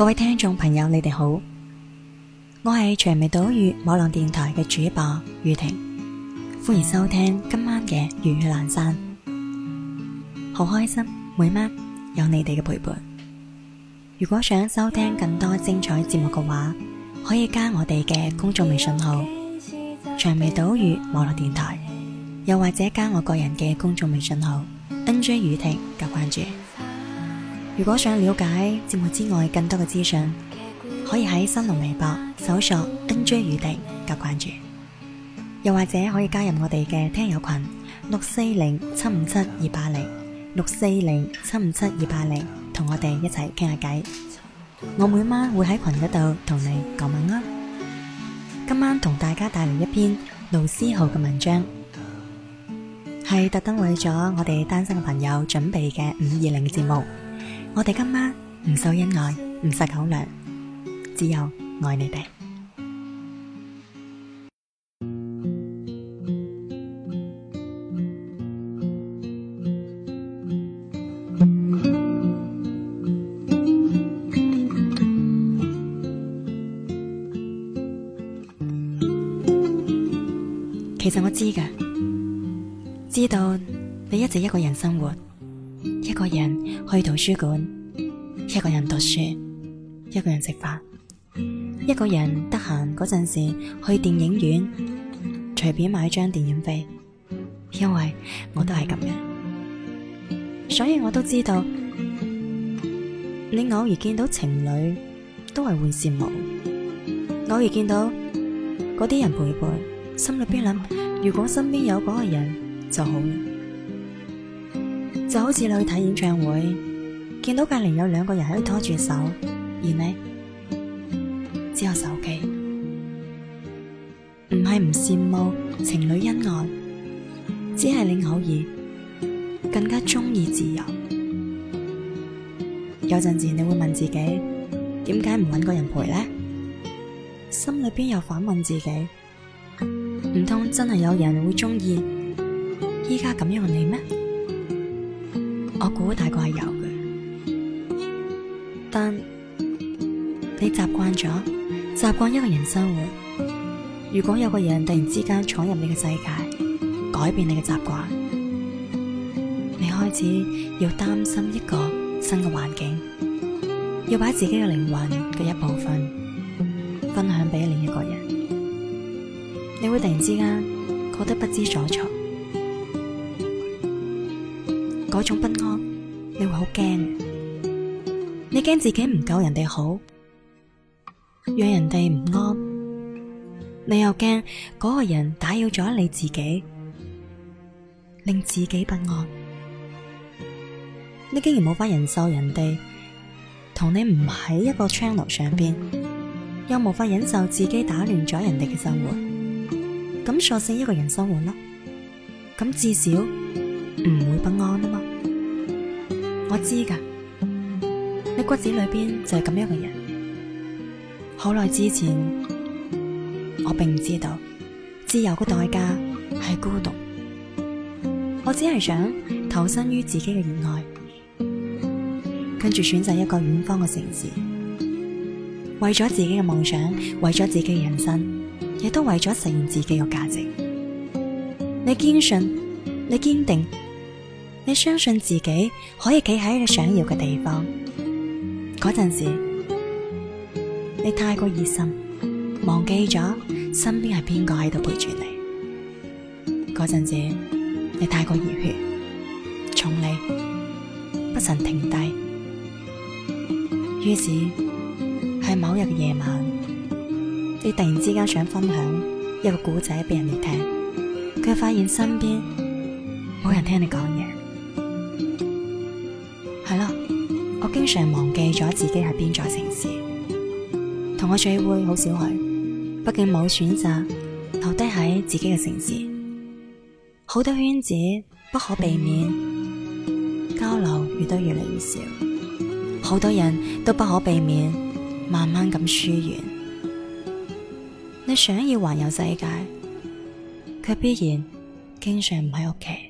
各位聽眾朋友，你哋好，我係長眉島嶼網絡電台嘅主播宇婷，歡迎收聽今晚嘅粵語闌珊，好開心每晚有你哋嘅陪伴。如果想收聽更多精彩節目嘅話，可以加我哋嘅公眾微信號長眉島嶼網絡電台，又或者加我個人嘅公眾微信號 nj 宇婷加關注。如果想了解節目之外更多嘅資訊，可以喺新浪微博搜索 NJ 宇婷及關注，又或者可以加入我哋嘅聽友群六四零七五七二八零六四零七五七二八零，同我哋一齊傾下偈。我每晚會喺群嗰度同你講晚安。今晚同大家帶來一篇盧思浩嘅文章，係特登為咗我哋單身嘅朋友準備嘅五二零節目。我哋今晚唔秀恩愛，唔食狗糧，只有愛你哋。書館一個人讀書，一個人食飯，一個人得閒嗰陣時去電影院，隨便買張電影票。因為我都係咁樣，所以我都知道你偶爾見到情侶都係會羨慕，偶爾見到嗰啲人陪伴，心裏邊諗如果身邊有嗰個人就好。就好似你去睇演唱會。見到隔籬有兩個人喺度拖住手，而你只有手機，唔係唔羨慕情侶恩愛，只係你偶爾更加中意自由。有陣時你會問自己，點解唔搵個人陪呢？心裏邊又反問自己，唔通真係有人會中意依家咁樣嘅你咩？我估大概係有。你習慣咗，習慣一個人生活。如果有個人突然之間闖入你嘅世界，改變你嘅習慣，你開始要擔心一個新嘅環境，要把自己嘅靈魂嘅一部分分享俾另一個人，你會突然之間覺得不知所措，嗰種不安，你會好驚。你驚自己唔夠人哋好，讓人哋唔安，你又驚嗰個人打擾咗你自己，令自己不安。你竟然冇法忍受人哋同你唔喺一個頻道上邊，又無法忍受自己打亂咗人哋嘅生活，咁索性一個人生活啦。咁至少唔會不安吖嘛。我知噶。骨子裏邊就係咁樣嘅人。好耐之前，我並唔知道自由嘅代價係孤獨。我只係想投身於自己嘅熱愛，跟住選擇一個遠方嘅城市，為咗自己嘅夢想，為咗自己嘅人生，亦都為咗實現自己嘅價值。你堅信，你堅定，你相信自己可以企喺一個你想要嘅地方。嗰陣時，你太過熱心，忘記咗身邊係邊個喺度陪住你。嗰陣時，你太過熱血，重理，不曾停低。於是喺某日嘅夜晚，你突然之間想分享一個故仔俾人哋聽，卻發現身邊冇人聽你講嘢。經常忘記咗自己喺邊座城市，同我聚會好少去，畢竟冇選擇留低喺自己嘅城市，好多圈子不可避免，交流越得越嚟越少，好多人都不可避免慢慢咁疏遠。你想要環遊世界，卻必然經常唔喺屋企。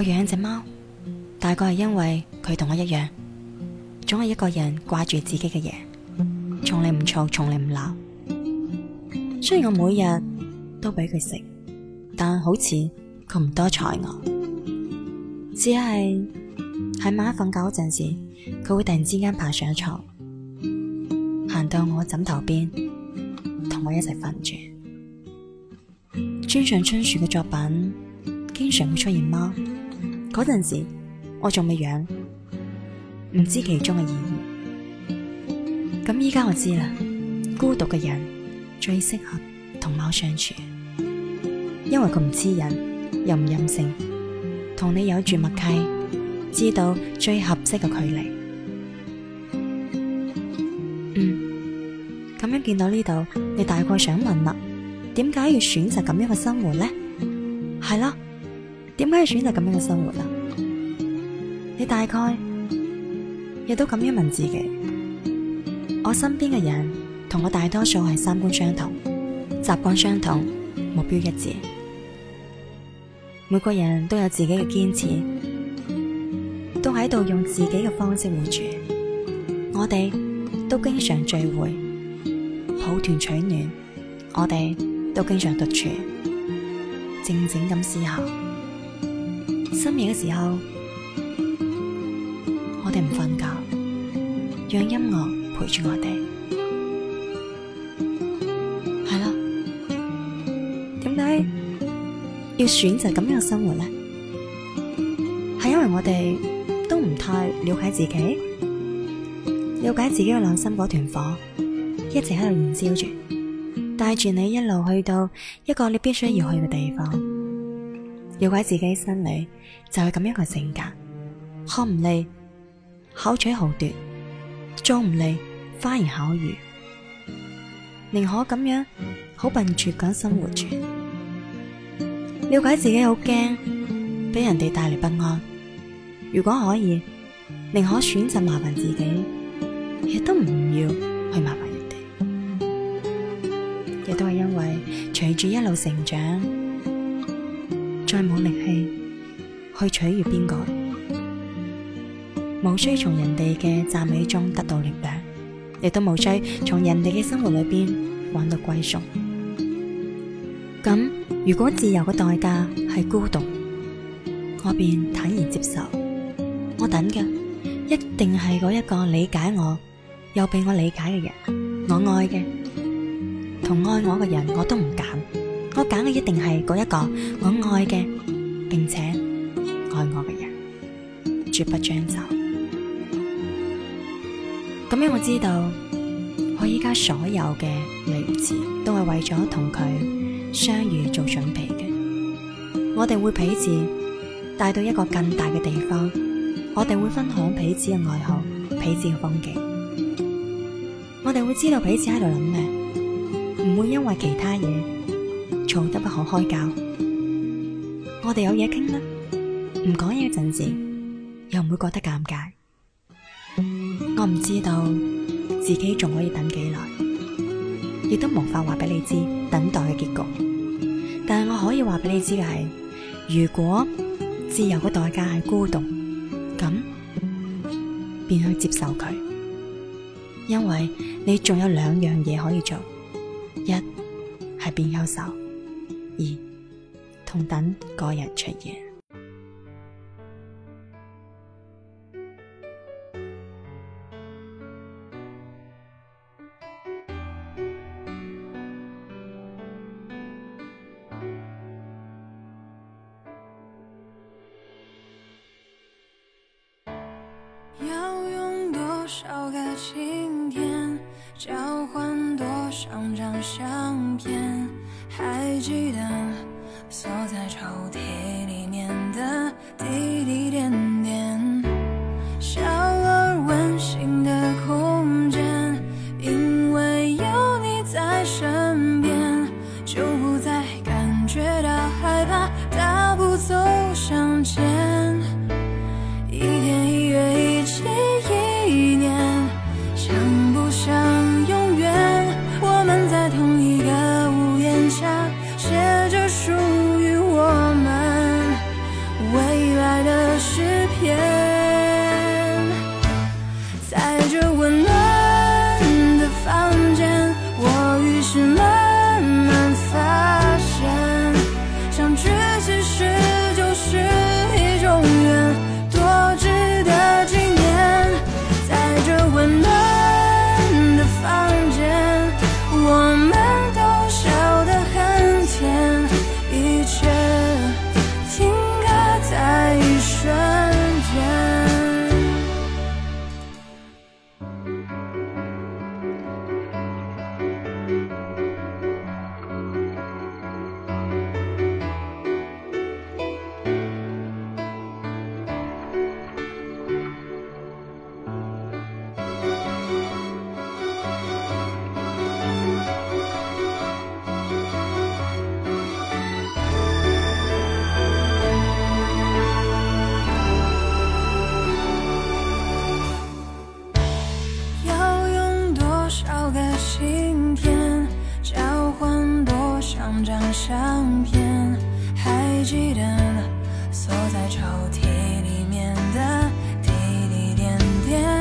我養隻貓，大概係因為佢同我一樣，總係一個人掛住自己嘅嘢，從嚟唔嘈，從嚟唔鬧。雖然我每日都俾佢食，但好似佢唔多睬我，只係喺晚黑瞓覺嗰陣時，佢會突然之間爬上一床，行到我枕頭邊，同我一齊瞓住。村上春樹嘅作品經常會出現貓。嗰陣時我仲未養，唔知其中嘅意義。咁依家我知啦，孤獨嘅人最適合同貓相處，因為佢唔知人又唔任性，同你有住默契，知道最合適嘅距離。嗯，咁樣見到呢度，你大概想問啦，點解要選擇咁樣嘅生活咧？係咯。點解要選擇咁樣嘅生活啊？你大概亦都咁樣問自己。我身邊嘅人同我大多數係三觀相同、習慣相同、目標一致。每個人都有自己嘅堅持，都喺度用自己嘅方式活住。我哋都經常聚會，抱團取暖；我哋都經常獨處，靜靜咁思考。深夜嘅時候，我哋唔瞓覺，讓音樂陪住我哋。係啦，點解要選擇咁樣嘅生活呢？係因為我哋都唔太了解自己，了解自己嘅內心嗰團火，一直喺度燃燒住，帶住你一路去到一個你必須要去嘅地方。了解自己心理就係、是、咁樣嘅性格，學唔嚟，巧取豪奪，做唔嚟，花言巧語，寧可咁樣好笨拙咁生活住。了解自己好驚，俾人哋帶嚟不安。如果可以，寧可選擇麻煩自己，亦都唔要去麻煩人哋。亦都係因為隨住一路成長。再冇力氣去取悅邊個，無需從人哋嘅讚美中得到力量，亦都無需從人哋嘅生活裏邊揾到歸宿。咁如果自由嘅代價係孤獨，我便坦然接受。我等嘅一定係嗰一個理解我又俾我理解嘅人，我愛嘅同愛我嘅人，我都唔揀。我揀嘅一定係嗰一個我愛嘅，並且愛我嘅人，絕不將就。咁樣我知道我依家所有嘅離別，都係為咗同佢相遇做準備嘅。我哋會彼此帶到一個更大嘅地方，我哋會分享彼此嘅愛好、彼此嘅風景，我哋會知道彼此喺度諗咩，唔會因為其他嘢，吵得不可開交，我哋有嘢傾啦，唔講嘢陣時又唔會覺得尷尬。我唔知道自己仲可以等幾耐，亦都無法話俾你知等待嘅結局。但係我可以話俾你知嘅係，如果自由嘅代價係孤獨，咁便去接受佢，因為你仲有兩樣嘢可以做，一係變優秀。而同等個人出現。兩張相片，還記得鎖在抽屜裏面的滴滴點點。